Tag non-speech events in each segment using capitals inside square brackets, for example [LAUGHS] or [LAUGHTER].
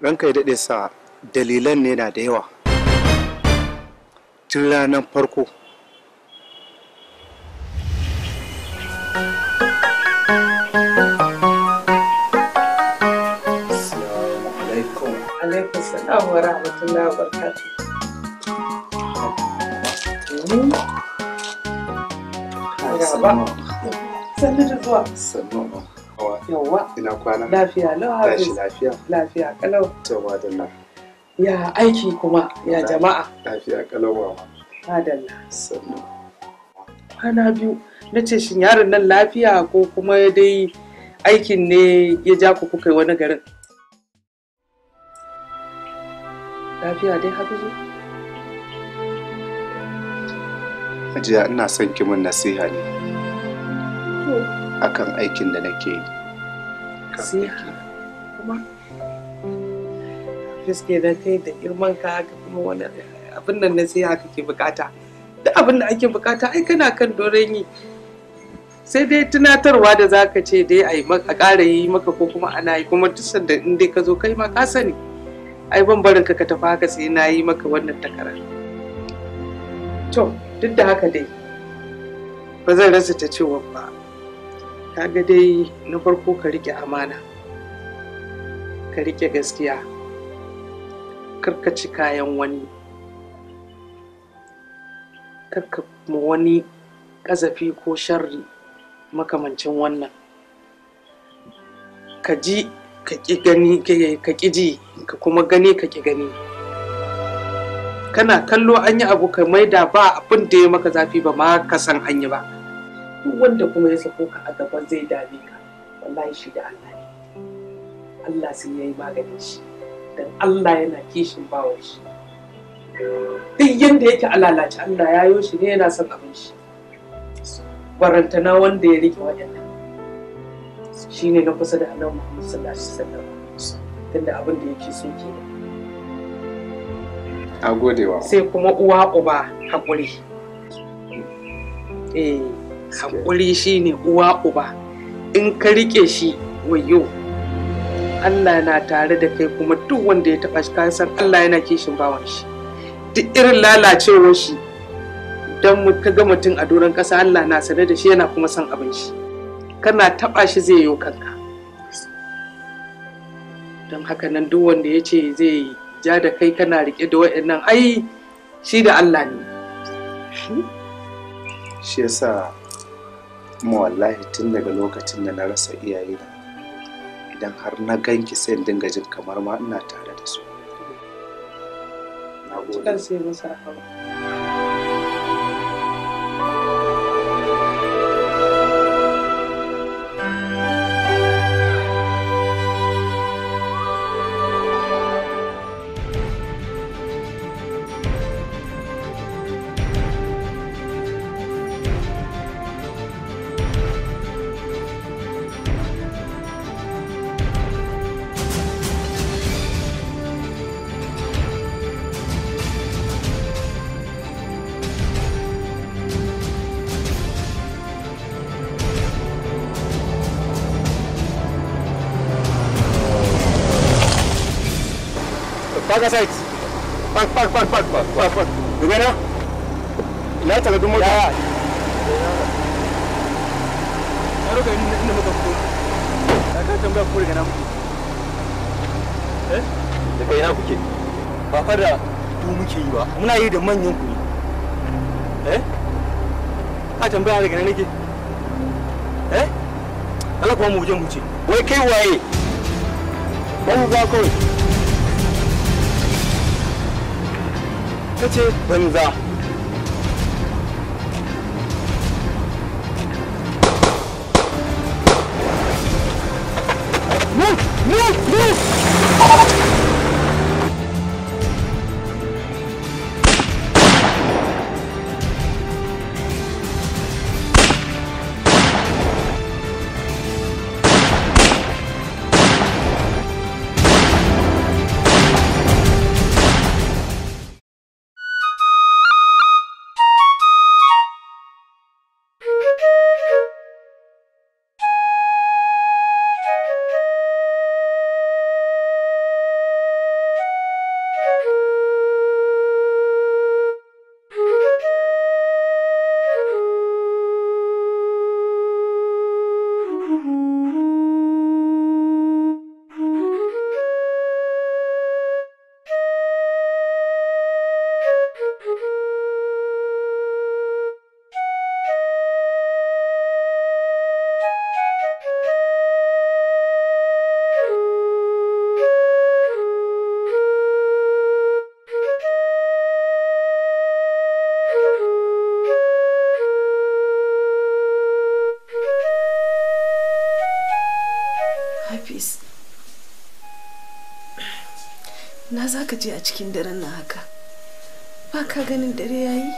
ranka ya daɗe sa dalilan ne na da yawa tun ranar farko Assalamu warahmatullahi Sannu da zuwa. Sannu. Yauwa, Ina kwana. Lafiya lau Hafiz. lafiya. Lafiya kalau. To madalla. Ya aiki kuma ya jama'a. Lafiya kalau mama. Madalla. Sannu. Kwana biyu na ce shin yaron nan lafiya ko kuma dai aikin ne ya ja ku kuka wani garin. Lafiya dai Hafizu. Hajiya ina son ki min nasiha ne. Akan aikin da nake yi. sai kuma fiske da kai da girman ka haka kuma wani abin nan na sai haka ke bukata duk abin da ake bukata ai kana kan doron yi sai dai tunatarwa da zaka ce dai a yi maka ƙara yi maka ko kuma ana yi kuma duk sanda in dai ka zo kai ma ka sani ai ban barin ka ka tafi haka sai na yi maka wannan takarar to duk da haka dai ba zan rasa ta cewa ba kaga dai na farko ka rike amana ka rike gaskiya ci kayan wani ma wani ƙazafi ko sharri makamancin wannan ka ji ka ƙi gani ka ƙi ji ka kuma gani ka ƙi gani kana kallo an yi abu ka maida ba abin da ya maka zafi ba ma ka san an yi ba duk wanda kuma ya sako ka a gaba zai dame ka wallahi shi da Allah ne Allah sai ya yi maganin shi dan Allah yana kishin bawa shi duk yanda yake alalaci Allah ya yo shi ne yana son abin shi barantana wanda ya rike wadannan shine na kusa da annabi Muhammad sallallahu alaihi wasallam tunda abin da yake so ke a godewa sai kuma uwa uba hakuri. eh haƙuri shi ne uwa uba in ka riƙe shi wayo Allah na tare da kai kuma duk wanda ya taɓa shi ka san Allah yana kishin bawan shi duk irin lalacewar shi don ka ga mutum a doron ƙasa Allah na sane da shi yana kuma son abin shi kana taɓa shi zai yi kanka don haka nan duk wanda ya ce zai ja da kai kana riƙe da waɗannan ai shi da Allah ne shi yasa kuma wallahi tun daga lokacin da na rasa iyaye iyayena idan har na ganki sai in dinga jin kamar ma ina tare da su na gode kaga site park park park park park na eh yi eh a eh kuma mu mu ce wai kai waye ban za ta ce banza ka je a cikin daren nan haka ba ka ganin dare yayi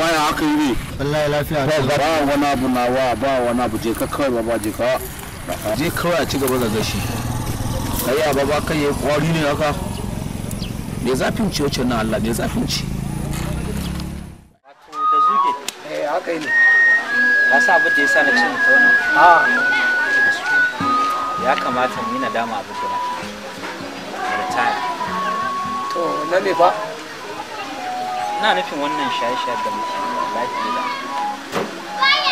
baya haka yi ne wallahi lafiya ba ba wani abu nawa ba wani abu je ka kawai ba ba je ka je kawai a ci gaba da gashi kai a baba kai yayi kwari ne haka me zafin ci wacce na Allah me zafin ci wato da zuge eh haka ne ka sa abu da yasa na cin ta wannan a ah. ya kamata mu yi nadama abu da na to na me ba na nufin wannan shaye da muke lafiya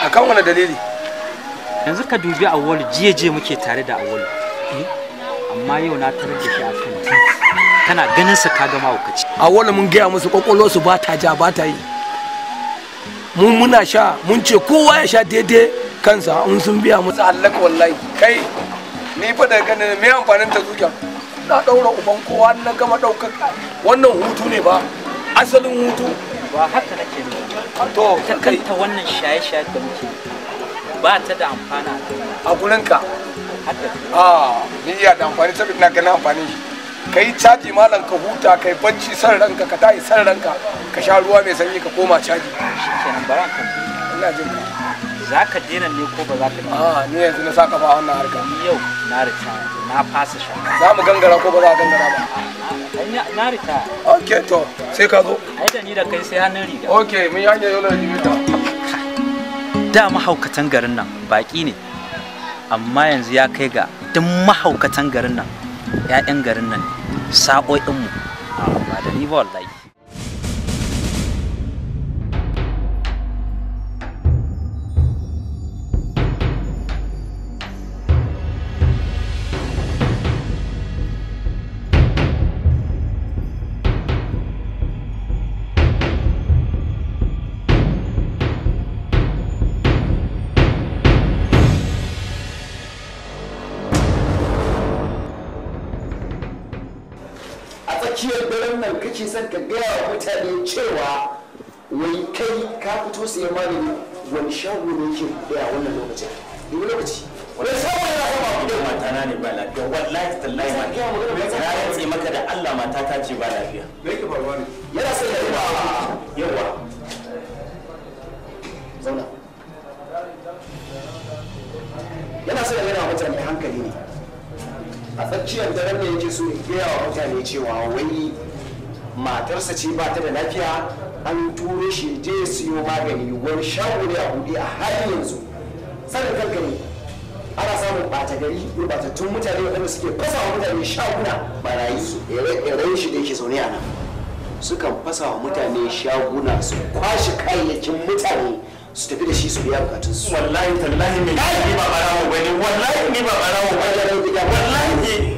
akan wani dalili yanzu ka dubi a jiye je muke tare da awol eh? amma yau na tare da shi a kan kana ganin sa ka gama a awol mun gaya musu kwakwalwar su ba ta ja ba ta yi mun muna sha mun ce kowa ya sha daidai kansa in sun biya musu halaka wallahi kai ni fa daga ganin me amfanin ta zuciya na daura uban kowa na gama daukar wannan hutu ne ba asalin hutu ba haka nake ne to ta kanta wannan shaye-shaye da muke ba ta da amfana a gurin ka a ni iya da amfani saboda na ganin amfani ka yi caji malam ka huta ka yi bacci san ranka ka tayi san ranka ka sha ruwa mai sanyi ka koma caji shikenan baran kan ina jin ka za ka daina ne ko ba za ka daina a ah, ni yanzu na saka ba wannan harka yau na rita na fasa shi za mu gangara ko ba za gangara ba na rita. ok to sai ka zo ai da ni da kai sai hannun riga ok mun yi hanyar yola da da mahaukatan garin nan baki ne amma yanzu ya kai ga duk mahaukatan garin nan 'ya'yan garin nan ne sa'o'inmu ah, ba da ni ba wallahi wannan kake san ka gaya wa mutane cewa wai kai ka fito yi mani wani shago ne yake buɗe a wannan lokacin duk lokaci wani shago ne ya kama buɗe matana ne ba lafiya wallahi tallahi ma na rantse maka da Allah mata ta ce ba lafiya me yake faruwa ne yana son ya ba yawa zauna yana son ya gaya wa mutane hankali ne a tsakiyar daren ne yake so ya gaya wa mutane cewa wai matarsa ce ba ta da lafiya an turo shi je siyo magani wani shago ne a buɗe a har yanzu sanin kanka ne ana samun ɓata gari gurɓatattun mutane waɗanda suke fasa wa mutane shaguna barayi ire shi da yake zaune a nan sukan fasa wa mutane shaguna su kwashe kayayyakin mutane su tafi da shi su biya bukatun su wallahi tallahi ne? ni ba barawo bane wallahi ni ba barawo bane wallahi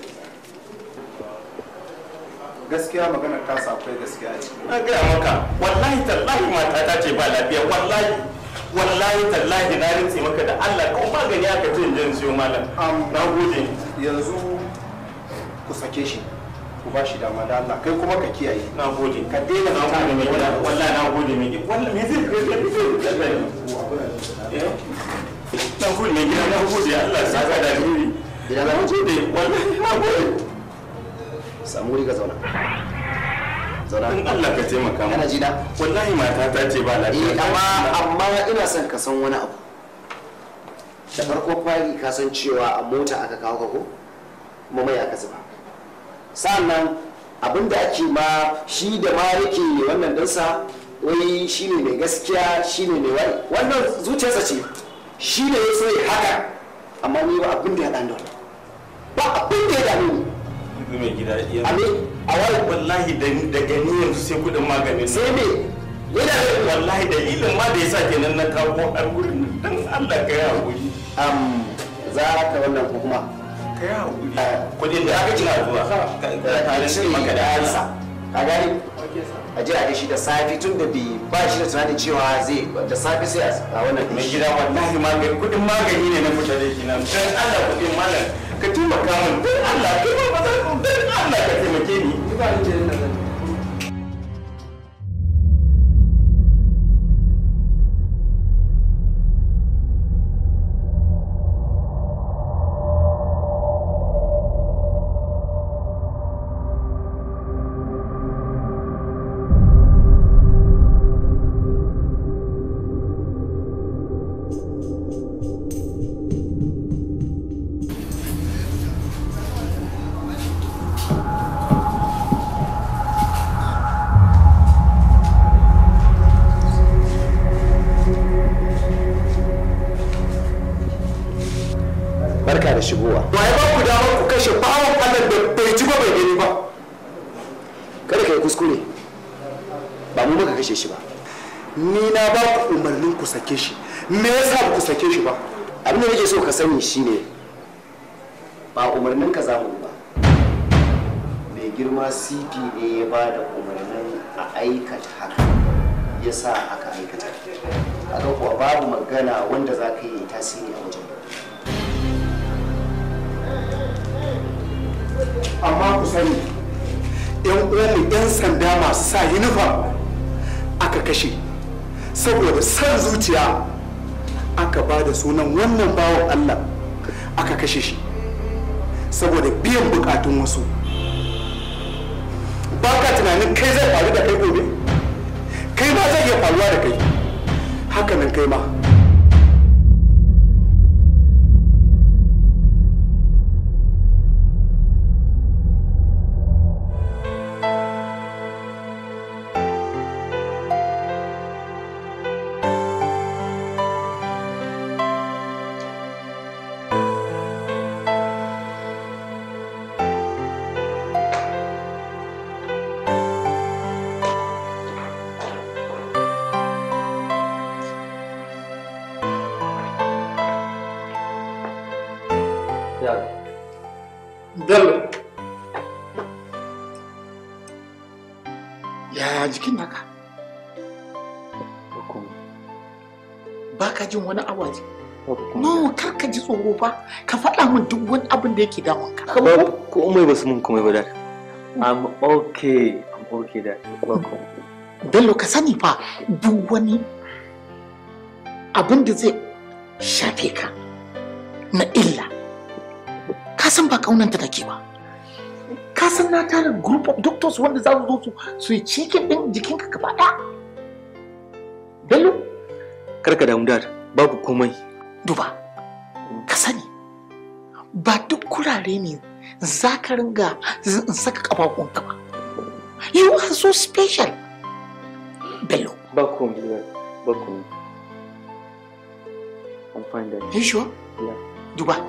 gaskiya magana ta akwai gaskiya ce na gaya maka wallahi tallahi mata ta ce ba lafiya wallahi wallahi tallahi na rinse maka da Allah ko magani aka ce in siyo malam na gode yanzu ku sake shi ku ba shi dama da Allah kai kuma ka kiyaye na gode ka daina na gode mai gida wallahi na gode mai gida wallahi me zai kai kai kai na gode gida na gode Allah saka da guri na gode wallahi na gode samu wuri ka zauna zauna in Allah ka taimaka mu kana ji na wallahi mata ta ce ba lafiya eh, amma amma ina son ka san wani abu da farko fari ka san cewa a mota aka kawo ka ko kuma mai aka zuba sannan abin da ake ma shi da ma yake wannan dinsa wai shi ne mai gaskiya shi ne mai wani wannan zuciyarsa ce shi ne ya so haka amma ni ba abin da ya dan ba abin da ya dame ni dubi mai gida iya ale a wai wallahi da da gani yanzu sai kudin maganin sai me yana da wallahi dalilin ma da yasa kenan na kawo har gurin dan Allah ka yi hakuri am za ka wannan ko kuma ka yi hakuri kudin da aka cina zuwa ka da shi maka da alsa ka gani a jira da shi da safi tun da bi ba shi da tunanin cewa zai da safi sai a wannan mai gida wallahi magani kudin magani ne na mutane kenan dan Allah kudin malam ka taimaka min don Allah kai ba zan don Allah ka taimake ni ba ni me yasa ba ku sake shi ba abin da nake so ka sani shine ba umarnin ka mu ba mai girma cp ne ya ba da umarnin a aikata haka ya sa aka aikata a ga kuwa babu magana wanda za ka yi tasiri a wajen amma ku sani yan uwanmu yan sanda masu sa inifom aka kashe saboda san zuciya aka ba da sunan wannan bawan allah aka kashe shi saboda biyan bukatun wasu ba ka tunanin kai zai faru da kai gobe kai ma zai iya faruwa da kai hakanan kai ma jikin naka ba ka jin wani awaji no kar ka ji tsoro ba ka faɗa min duk wani abin da yake damun ka ko mai ba su mun kuma ba da i'm okay i'm okay da Bello ka sani fa duk wani abin da zai shafe ka na illa ka san ba kaunanta take ba san na tara group of doctors wanda za su zo su su yi cikin din jikinka gaba ɗaya bello karka damu dad babu komai duba ka sani ba duk kurare ne za ka ringa saka ka ba you are so special bello ba komai ba komai I'm fine then. You sure? Yeah. Duba.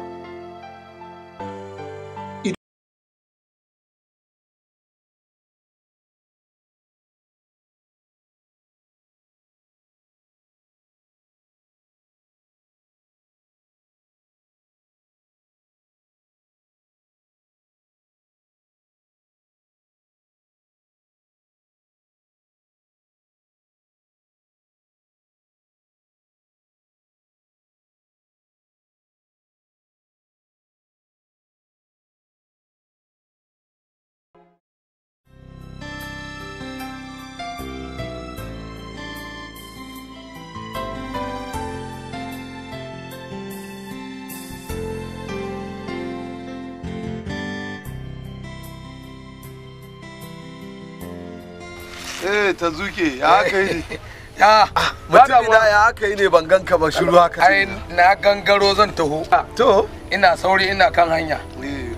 eh ta zuke ya aka yi [LAUGHS] ah, ya mutum ina ya aka yi ne ban ganka ba shiru haka ai na gangaro zan taho ah, to ina sauri ina kan hanya eh.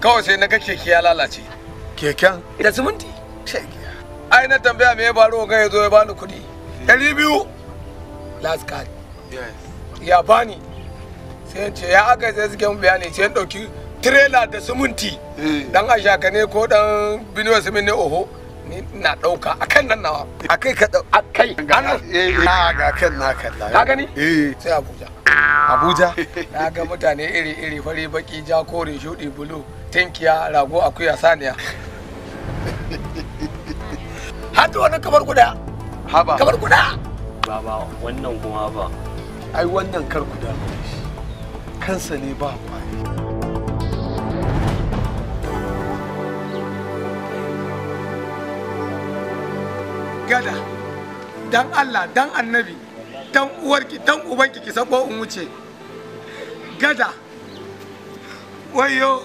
kawai sai na ga keke ya lalace keken da siminti ai na tambaya me ya faru ga yazo ya bani kuɗi eh. ɗari biyu last card ya bani sai ce ya aka sai suke mun bayani sai ɗauki tirela da siminti eh. dan ashaka ne ko dan binuwa siminti oho ni ɗauka, a kan nan nawa akai ka dau akai an na eh, eh. ga kan na kalla ka gani eh sai Abuja Abuja [LAUGHS] na ga mutane iri iri fari baki ja kore shudi bulu tinkiya rago akuya saniya [LAUGHS] har da wannan kamar guda haba kamar guda Ba ba wannan kuma ba ai wannan kar guda kansa ne ba kwari gada dan Allah dan annabi dan uwarki dan ubanki ki sako in wuce gada wayo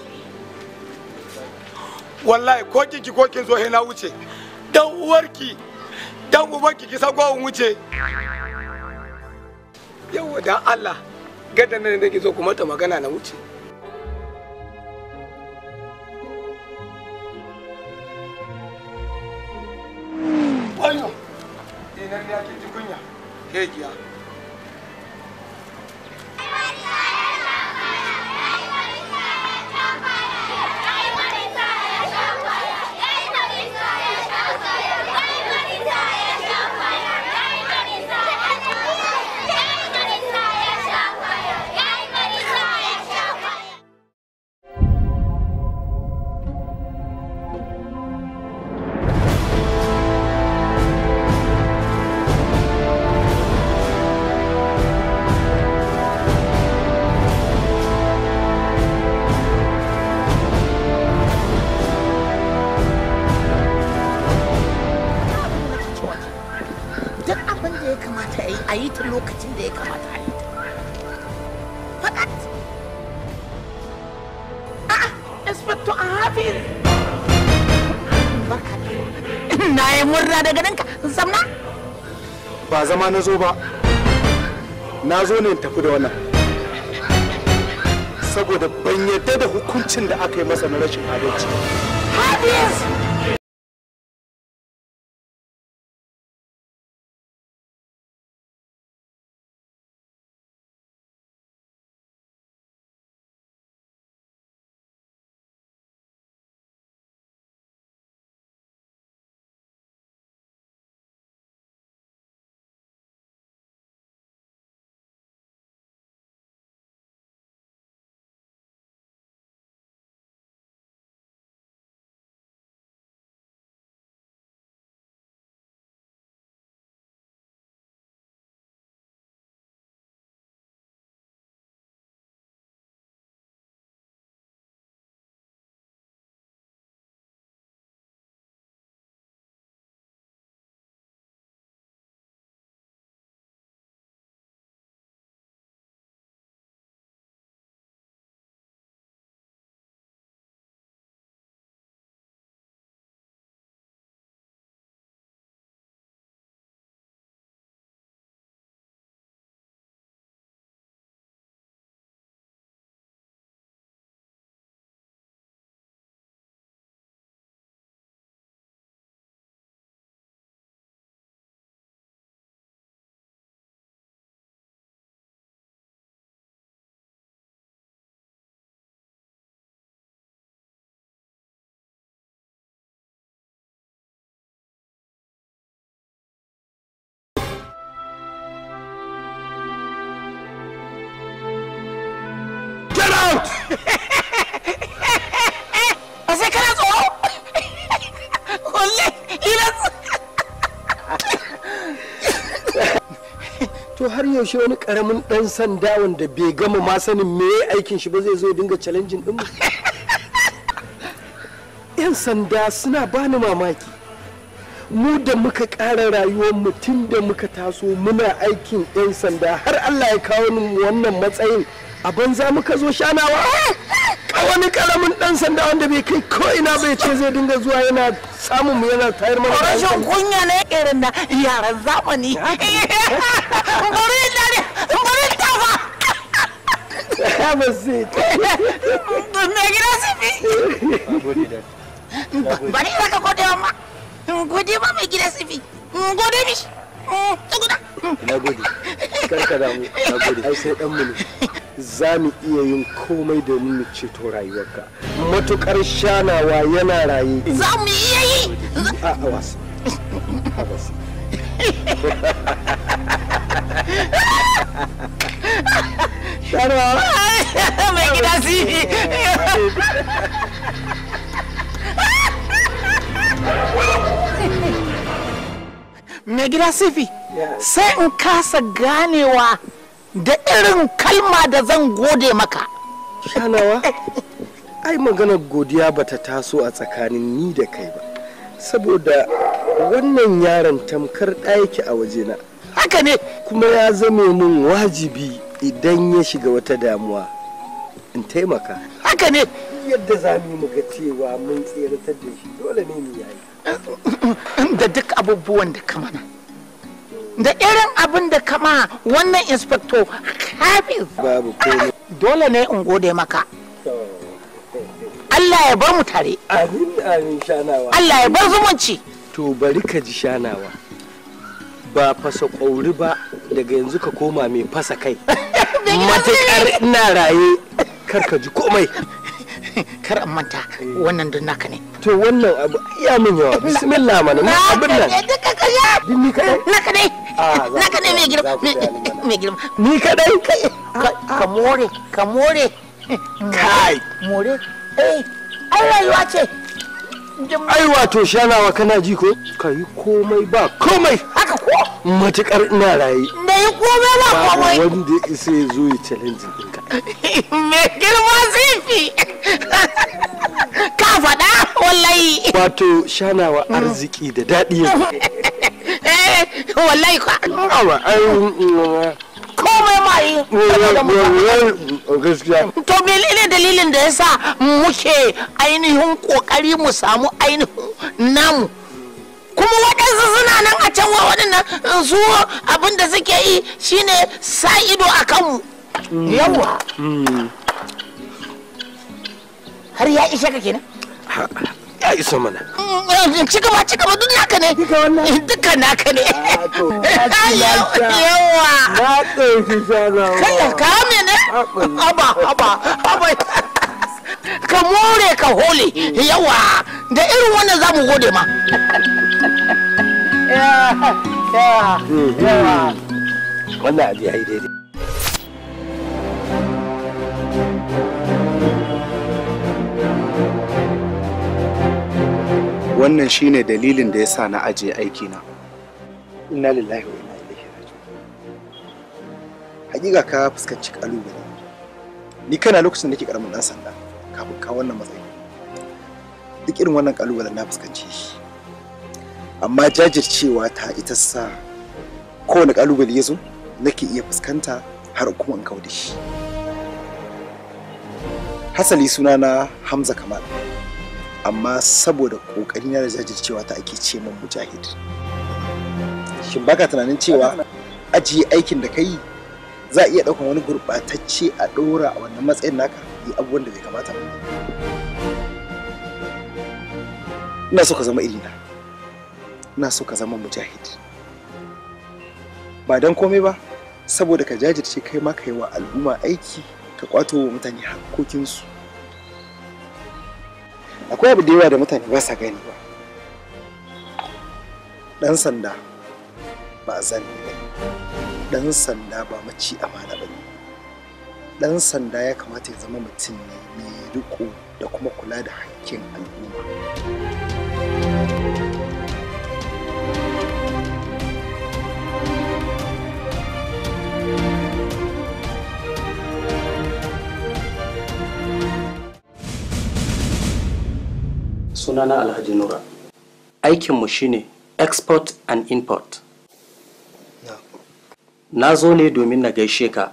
wallahi ko kinki ko kin zo na wuce dan uwarki dan ubanki ki sako in wuce yawa dan Allah gada nan nake so zo kuma ta magana na wuce ma na zo ba na zo ne tafi da wannan saboda ban yadda da hukuncin da aka yi masa na rashin adalci. to har yaushe wani karamin dan sanda wanda bai gama ma sanin me aikin shi ba zai zo dinga challenging din mu yan sanda suna bani mamaki mu da muka ƙara rayuwar mutum da muka taso muna aikin 'yan sanda har allah ya kawo wannan matsayin a banza muka zo shanawa wani karamin dan sanda wanda bai kai ko ina bai ce zai dinga zuwa yana samun mu yana tayar mana rashin kunya ne irin na yaran zamani bari da ne ka damu na gode ai sai dan mu za mu iya yin komai da mu ceto rayuwarka matukar shanawa yana raye za mu iya yi a shanawa mai gida si mai gida sifi sai in kasa ganewa da irin kalma da zan gode maka shanawa ai maganar godiya bata taso a tsakanin ni da kai ba saboda wannan yaron tamkar ɗayake a wajena haka ne kuma ya zame min wajibi idan ya shiga wata damuwa in taimaka haka ne yadda za mu ga cewa mun tseratar da shi dole ne mu yayi da duk abubuwan da kamana. da irin abin da kama wannan inspector kafin dole ne in gode maka Allah ya bar mu tare Allah ya bar zumunci to bari ka ji shanawa ba fasa ƙauri ba daga yanzu ka koma mai fasa kai [LAUGHS] matuƙar ina raye kar ka ji komai [LAUGHS] kar an manta wannan don naka ne to wannan abu ya min yawa bismillah mana mun abin nan ni kadai naka ne ah, naka ne mai girma mai girma ni kadai ka more ka more kai more eh ai rayuwa ce ai wato shanawa kana ji ko ka yi komai ba komai haka ko matukar ina raye da yi komai ba komai wanda isa ya zo ya challenge ɗinka [LAUGHS] me girma zifi ka faɗa wallahi wato shanawa mm. arziki da daɗi [LAUGHS] eh, wallahi ka awa ai mm, mm, komai ma yi eh, to menene dalilin da yasa muke ainihin kokari mu samu ainihin namu kuma waɗansu suna nan a can waɗannan eh, su abin da suke yi shine sa ido a kanmu mm. yawa mm. har ya ishe ka ya iso mana mm, mm, ci gaba ci gaba duk naka ne duka naka ne ah, [LAUGHS] yawa na ɗauki shanawa kai ka mene Aba aba aba. ka more ka hole yawa da irin wannan za mu gode ma wannan abu ya yi daidai wannan shine dalilin da ya sa na aje aikina inna lillahi wa inna ilaihi raji'un hakika ka fuskanci kalubale ni kana lokacin da nake karamin dan sanda kafin ka wannan matsayi duk irin wannan kalubale na fuskanci shi amma jajircewa ta ita sa kowane kalubale ya zo nake iya fuskanta har kuma in kawo da shi hasali sunana hamza kamal amma saboda ƙoƙari na da jajircewa ta ake ce min mujahid shin baka tunanin cewa ajiye aikin da ka yi za iya ɗaukar wani gurɓatacce a ɗora a wannan matsayin naka yi abubuwan da bai kamata ba ina so ka zama irina ina so ka zama mujahid ba don komai ba saboda ka jajirce kai ma ka yi wa al'umma aiki ka kwato wa mutane hakkokinsu akwai abu da yawa da mutane ba sa gani ba ɗan sanda ba zan ba ɗan sanda ba maci amana ba ɗan sanda ya kamata ya zama mutum ne mai riko da kuma kula da hakkin al'umma thank you sunana alhaji nura aikinmu shine export and import na zo ne domin na gaishe ka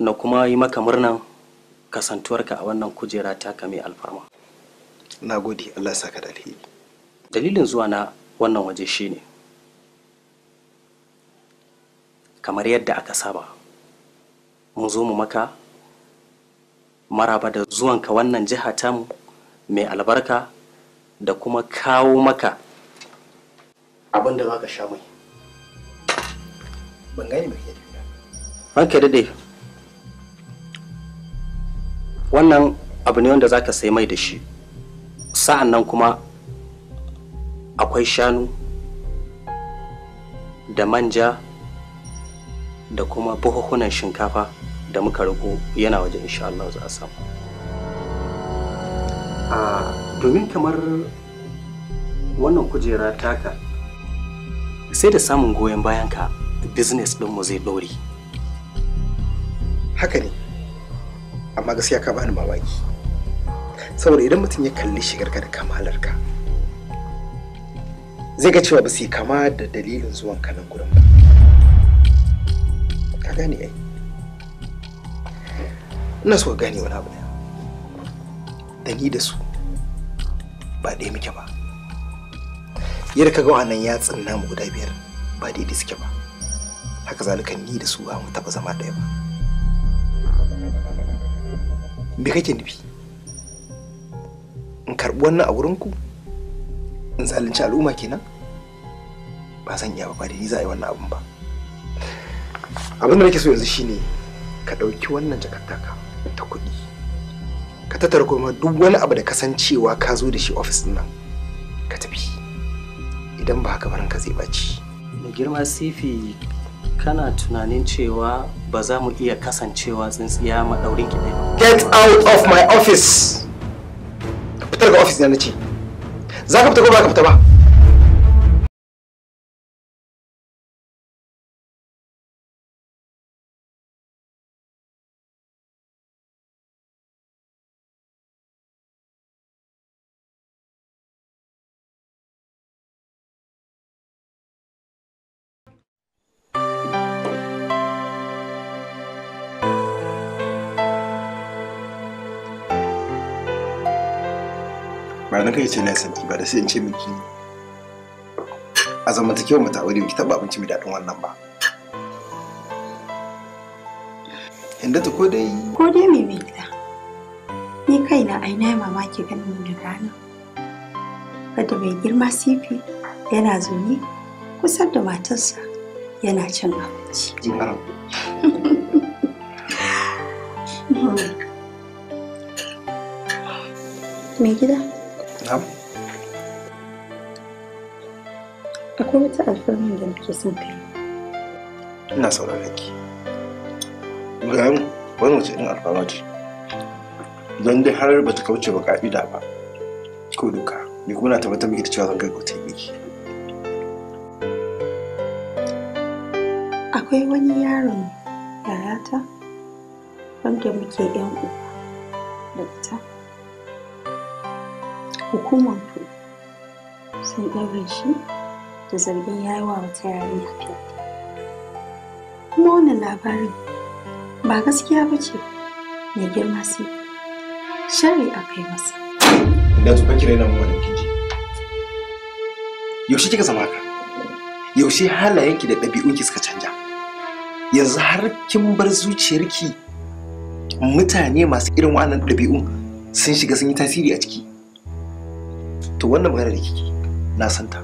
na kuma yi maka murnan kasantuwarka a wannan kujera taka mai alfarma na gode allah saka da alheri dalilin zuwa na wannan waje shine kamar yadda aka saba mun zo mu maka maraba da zuwanka wannan jiha tamu mai albarka da kuma kawo maka abin da za ka sha mai ban gani ba ranka da dai wannan abu ne wanda za ka sai mai da shi sa'an nan kuma akwai shanu da manja da kuma buhuhunan shinkafa da muka riko yana waje insha Allah za a samu. Ah, domin kamar wannan kujera taka sai da samun goyon bayanka business mu zai ɗore. haka ne amma gaskiya ka bani mamaki saboda idan mutum ya kalli shigarka da kamalarka zai ga cewa ba su kama da dalilin zuwan ka nan gurin ba ka gane ai ina so gane wani abu da ni da su ba ɗaya muke ba yadda ka ga ya yatsun mu guda biyar ba daidai suke ba haka zalika ni da su ba mu taba zama ɗaya ba me kake nufi in karɓi wannan a ku in zalunci al'umma kenan ba zan iya ba da ni za a yi wannan abun ba abin da nake so yanzu shine ka ɗauki wannan jakattaka ta kuɗi tattara kuma duk wani abu da kasancewa ka zo da shi ofis din nan ka tafi idan ba haka barin ka zai baci mai girma sifi kana tunanin cewa ba za mu iya kasancewa tsintsiya maɗaurin ki ba get out of my office ka fitar ga ofis na ce za ka fita ko ba ka fita ba na kai ce na santi ba da sai in ce miki a zamantakewar mu ta aure ki taba abinci mai daɗin wannan ba inda ta ko dai ko dai mai mai gida ni kaina ai na mamaki ganin da rana wadda mai girma sifi yana zuni kusa da matarsa yana cin abinci Me [LAUGHS] gida Akwai wata alfarmar da muke son kai. Ina sauraron ki. Ibrahim, wani wace irin alfarma ce? Don dai har ba ta kauce ba ka'ida ba. Ko doka, ni kuma na tabbatar miki da cewa zan gaggauta miki. Akwai wani yaron yayata wanda muke 'yan uba da ita. hukumar ku sun ɗaure shi da zargin yi wa wata yarinya fyaɗe kuma wannan labarin ba gaskiya ba ce mai girma sai shari a kai masa idan su kira yana mawa kinji yaushe kika zama ka yaushe halayenki da ɗabi'unki suka canja yanzu har kin bar zuciyarki mutane masu irin wa'annan ɗabi'un sun shiga sun yi tasiri a ciki to wannan magana da kike na san ta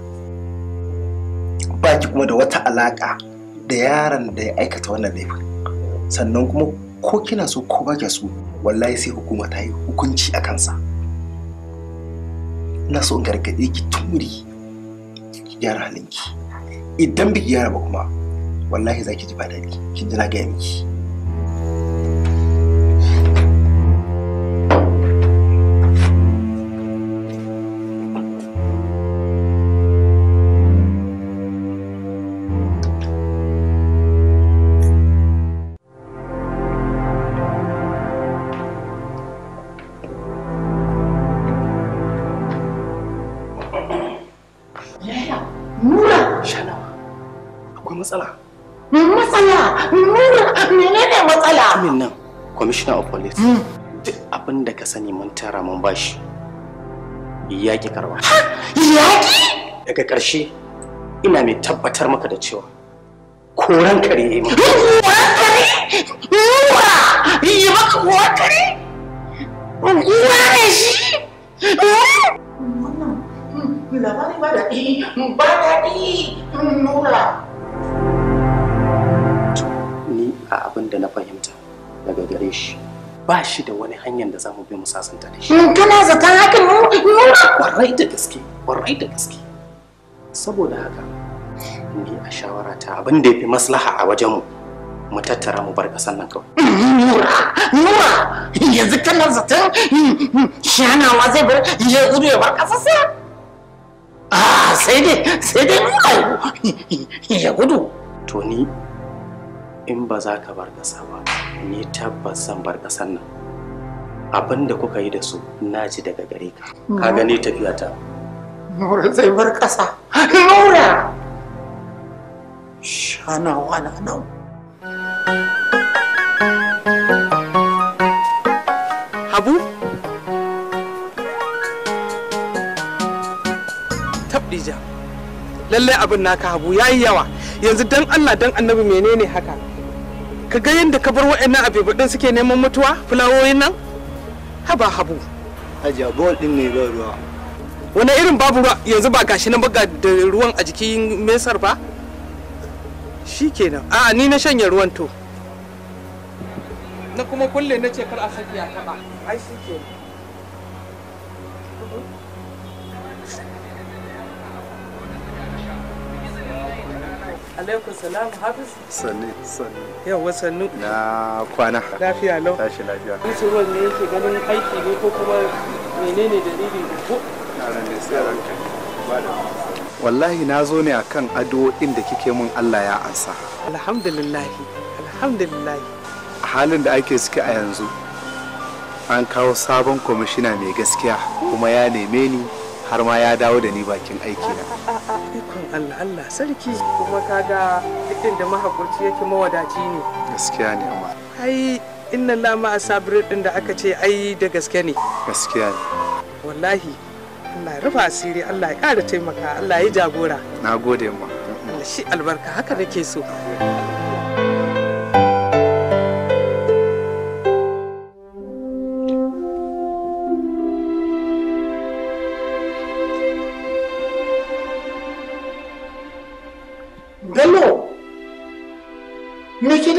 ba kuma da wata alaka da yaron da ya aikata wannan laifin sannan kuma ko kina so ko ba so wallahi sai hukuma ta yi hukunci a kansa ina so in gargaɗe ki tumuri ki gyara halinki idan biki gyara ba kuma wallahi za ki ji ba daɗi kin ji na gaya miki matsala matsala ne matsala amin nan commissioner of police hmm. duk abin da ka sani mun tara mun bashi yaƙi karwa. yaƙi daga karshe ina mai tabbatar maka da cewa koran kare ya yi maka koran kare yi maka koran kare wani ne shi eh? hmm, hmm, labari ba daɗi ba daɗi nura da na fahimta daga gare shi ba shi da wani hanyar da za mu bi mu sasanta da shi. Kana zaton hakan mu? Kwarai da gaske, kwarai da gaske. Saboda haka, ni a shawara ta abin da ya fi maslaha a wajenmu mu tattara mu bar kasan nan kawai. Nura, Nura, yanzu kana zaton hmm, hmm, shanawa zai bar ya gudu ya bar kasarsa? Ah, sai dai, sai dai Nura ya gudu. To ni in ba za ka bar ƙasa ba ni tabbas zan bar ƙasan nan abin da kuka yi da su na ji daga gare ka ka gane tafiya ta nura zai bar ƙasa nura shanawa na nan habu tabdija lallai abin naka habu yayi yawa yanzu dan Allah dan annabi menene haka ka ga yadda ka bar waɗannan abibadin suke neman mutuwa fulawoyin nan haba habu a bol din ne ba ruwa wani irin babu ruwa yanzu ba gashi na baga da ruwan a jikin mesar ba shikenan a ni na shanye ruwan to na kuma kulle na ce kar a sakiya a ba ai shikenan alaikum salam na kwana lafiya ruwan ne yake ganin aiki ne ko kuma menene ne sai ranka wallahi na zo ne akan addu'o'in da kike mun Allah ya ansa a halin da ake ciki a yanzu an kawo sabon kwamishina mai gaskiya kuma ya neme ni har ma ya dawo da ni bakin aiki na ikon Allah Allah sarki kuma kaga dukkan da mahakurci yake mawadaci ne gaskiya ne amma ai inna lama asabirin din da aka ce ai da gaske ne gaskiya ne wallahi Allah ya rufa asiri Allah ya kara taimaka Allah ya jagora na gode ma shi albarka haka nake so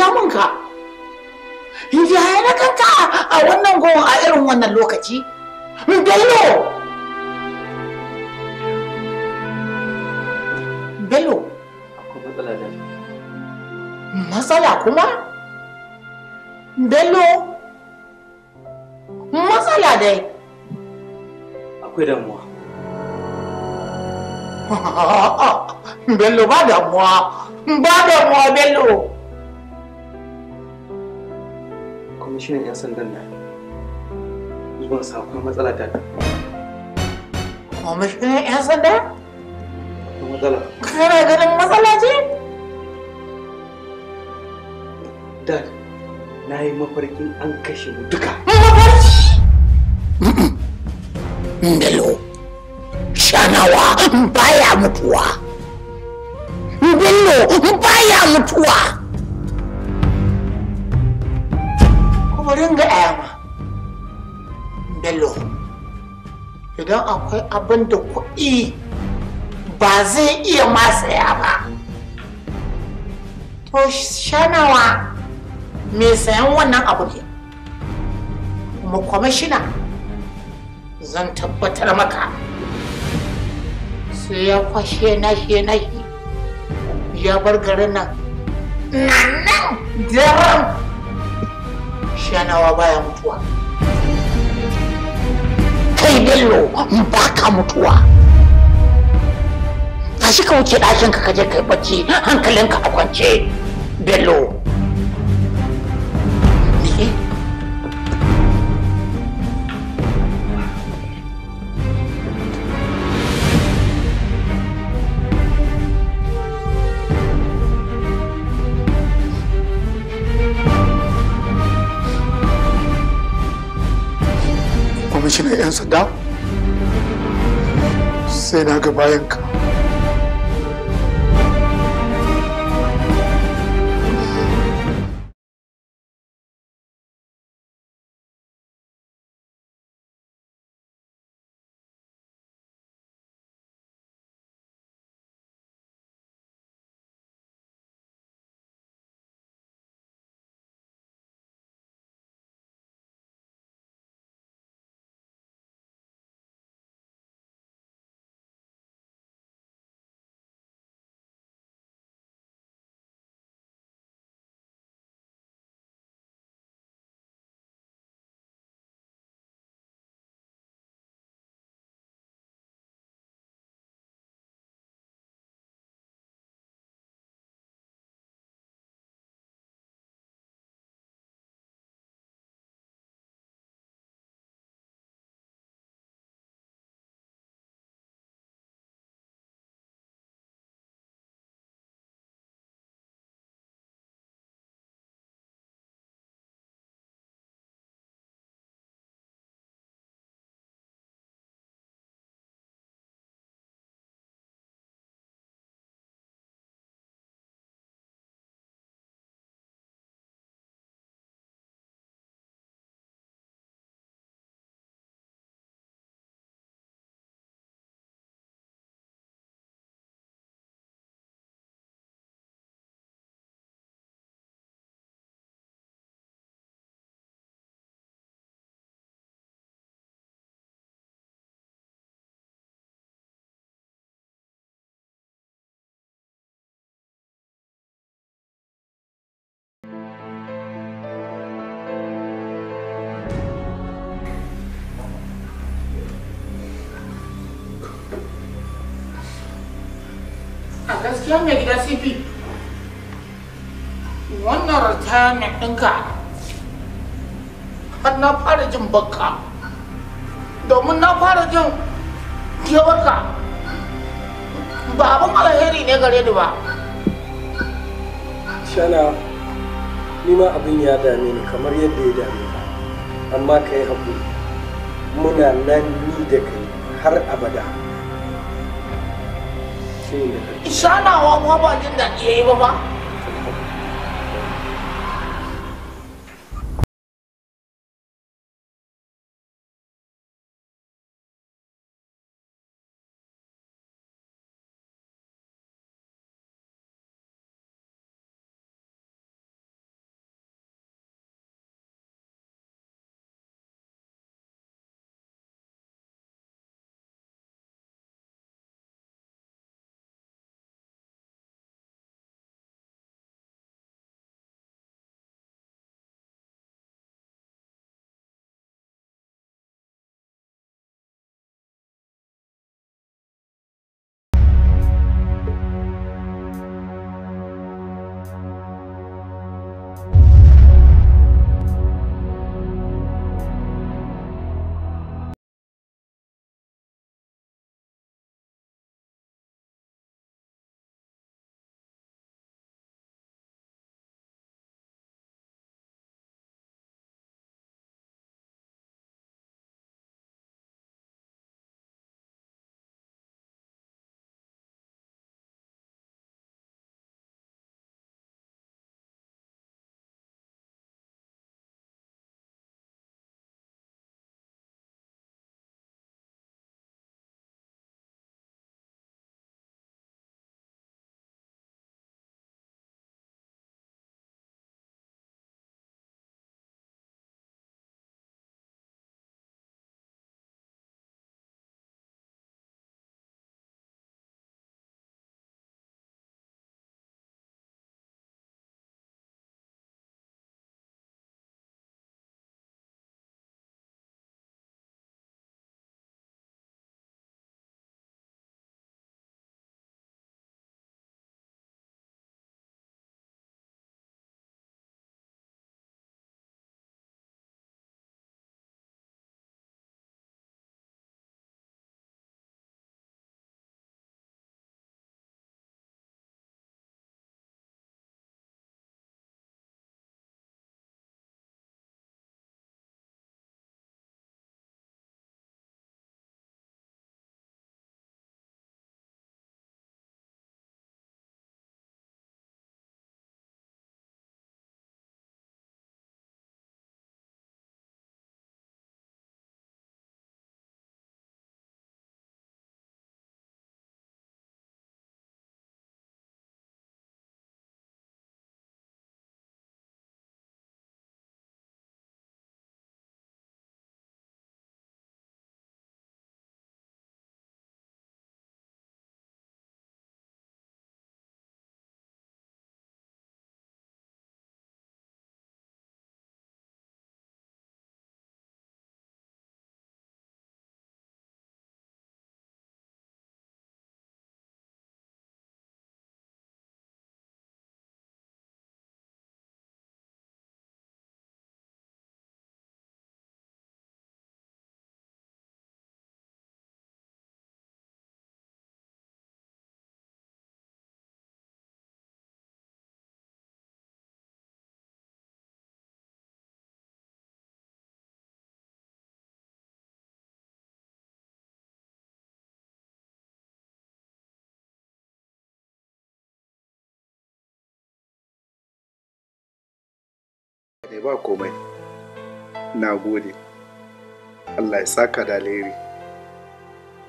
damunka yaya na kanka a wannan gowon a irin wannan lokaci bello bello matsala kuma bello matsala dai akwai damuwa [LAUGHS] bello ba damuwa ba damuwa bello shirin 'yan sandan na zuwan sa akwai matsala ta shirin 'yan sanda? matsala kana ganin matsala ce? dad na yi mafarkin an kashe mu duka mafarki? Ndalo, shanawa baya mutuwa. Bello baya mutuwa. gurin ga ayama bello idan akwai abin da kuɗi ba zai iya matsaya ba to shanawa mai sayan wannan abu ne kuma kwamishina zan tabbatar maka sai ya kwashe nashi nashi ya bar garin nan nan daren zuciya nawa baya mutuwa kai bello ba ka mutuwa tashi ka wuce ɗakinka ka je kai bacci hankalinka a kwance bello 'yan sanda sai na ga bayanka gaskiya mai gida cp wannan retirement ɗinka har na fara jin bakka domin na fara jin kewarka ba abin alheri ne gare ni ba shana nima abin ya dame ni kamar yadda ya dame ka amma ka yi haƙuri muna nan ni kai har abada Shi ne. Isha na wa mu ba jin ba komai na gode allah ya saka da alheri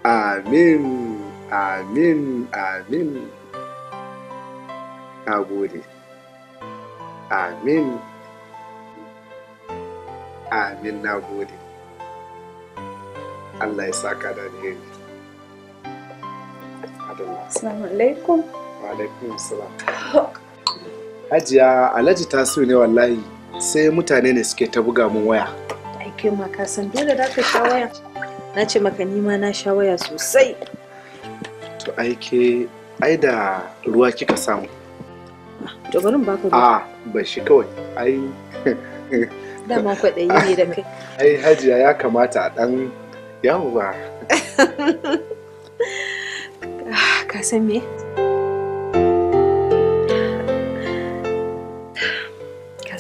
amin amin amin na gode amin amin na gode allah ya saka da alheri Assalamu alaikum. Wa alaikum salam. Hajiya Alhaji Tasiu ne wallahi sai mutane ne suke ta buga mun waya aike ma ka san dole da ka sha waya na ce maka ni ma na sha waya sosai to aike ai da ruwa kika samu to bari in baka a ah, ba shi kawai ai [LAUGHS] da kwaɗayi ne da kai [LAUGHS] ai hajiya ya kamata a dan yawo ba ka san me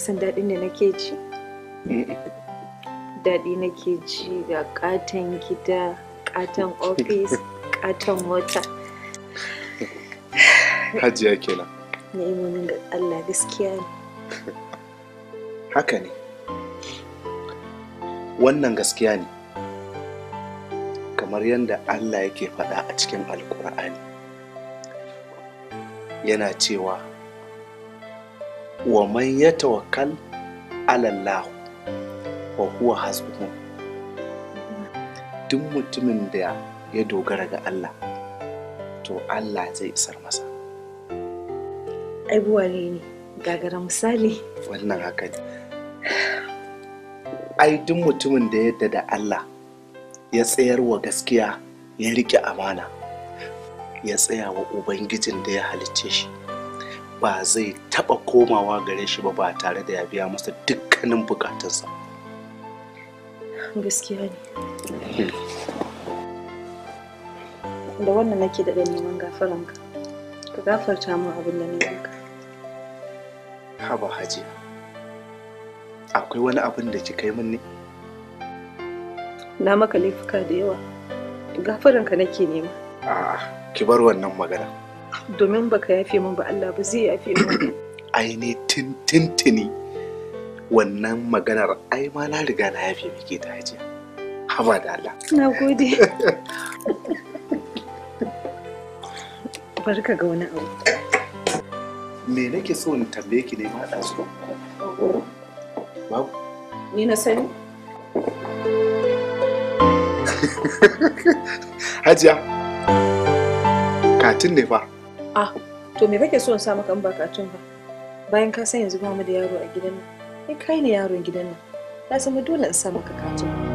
san daɗin da nake ji? Daɗi nake ji ga ƙaton gida, ƙaton ofis, [LAUGHS] ƙaton mota. Hajiya kenan. Ni'imomin da Allah gaskiya ne. Haka ne. Wannan gaskiya ne. Kamar yadda Allah yake faɗa a cikin Alƙur'ani. Yana cewa wa man ya tawakkal alallahu wa huwa hasbuhu duk mutumin da ya dogara ga Allah to Allah zai isar masa buwale ne gagara misali wannan haka ne ai duk mutumin da yadda da Allah ya tsayar wa gaskiya ya rike amana ya tsaya wa ubangijin da ya halicce shi ba zai taba komawa gare shi ba ba tare da ya biya masa dukkanin bukatunsa gaskiya ne hmm. da wannan nake da neman gafaran ka gafarta mu abin da ne ka haba hajiya akwai wani abin da kika yi min ne na maka laifuka da yawa ka nake nema a'a ki bar wannan magana domin baka yafe min ba Allah ba zai yafe min [COUGHS] ai ne tintintini wannan maganar ai ma na riga na yafe muke ta hajiya haba da Allah na gode [COUGHS] barka ga wani abu me nake so in tambaye ki ne ma da su babu ni na sani [LAUGHS] hajiya katin ne fa Ah, to me kake so in sa maka in ba katun ba? Bayan ka san yanzu ba mu da yaro a gidan nan. Kai kai ne yaron gidan nan. Ya zama dole in sa maka katun.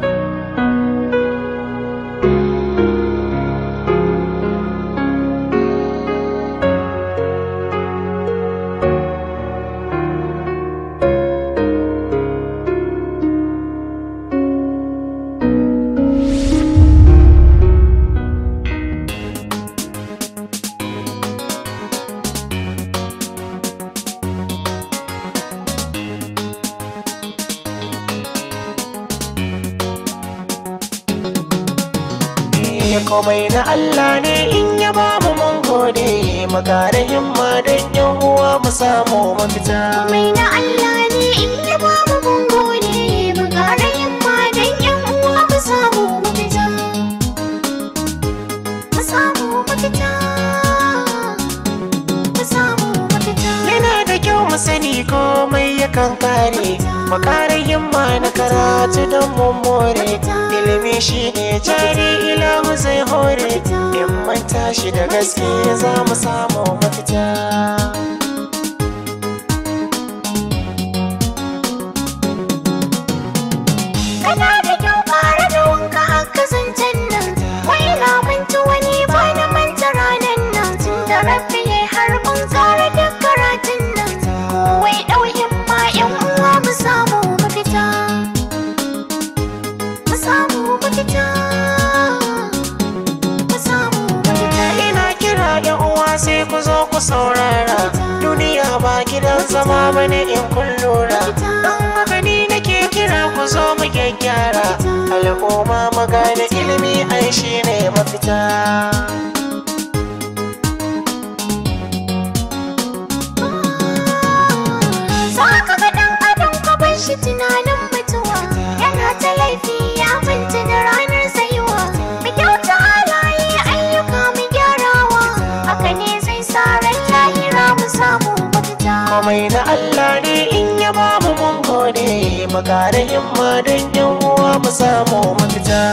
komai na Allah ne in ya ba mu mun gode mu kare himma dan yan uwa mu samu mafita komai na Allah ne in ya ba mu mun gode mu kare himma dan yan uwa mu samu mafita mu samu mafita sani komai yakan kare yin ma na karatu don mummore ilimi shi ne jari ilahu zai hore in manta shi da gaske za mu samu mafita zama bane in kun lura don magani nake kira ku zo mu gyaggyara al'umma magana ilimi ai shine mafita Za ka ga ɗan adam ka bar shi tunani mai na Allah ne in ya ba mu mun gode mu ƙara himma don yan uwa mu samu mafita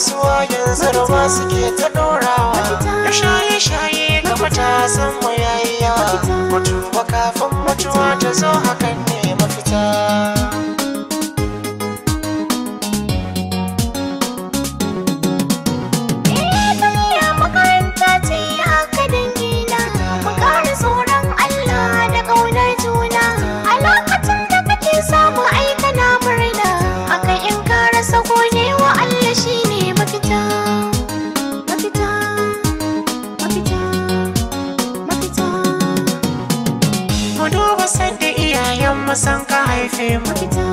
kasuwa yanzu da ba suke ta dorawa na shaye-shaye ga matasan mu yayi yawa mutum ba kafin mutuwa ta zo hakan ne mafita mu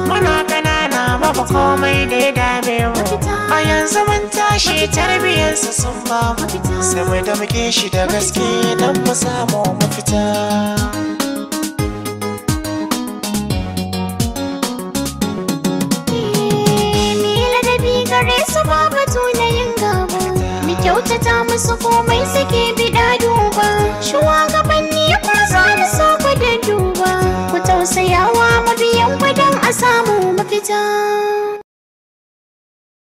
muna ƙanana babu komai da ya dame mu a yanzu mun tashi sun ba mu sai mu damke shi da gaske don mu samu mafita gare su ba batu na yin gaba mu kyautata musu komai suke biɗa duba shugabanni ku sa da duba ku tausayawa mu a samu mafita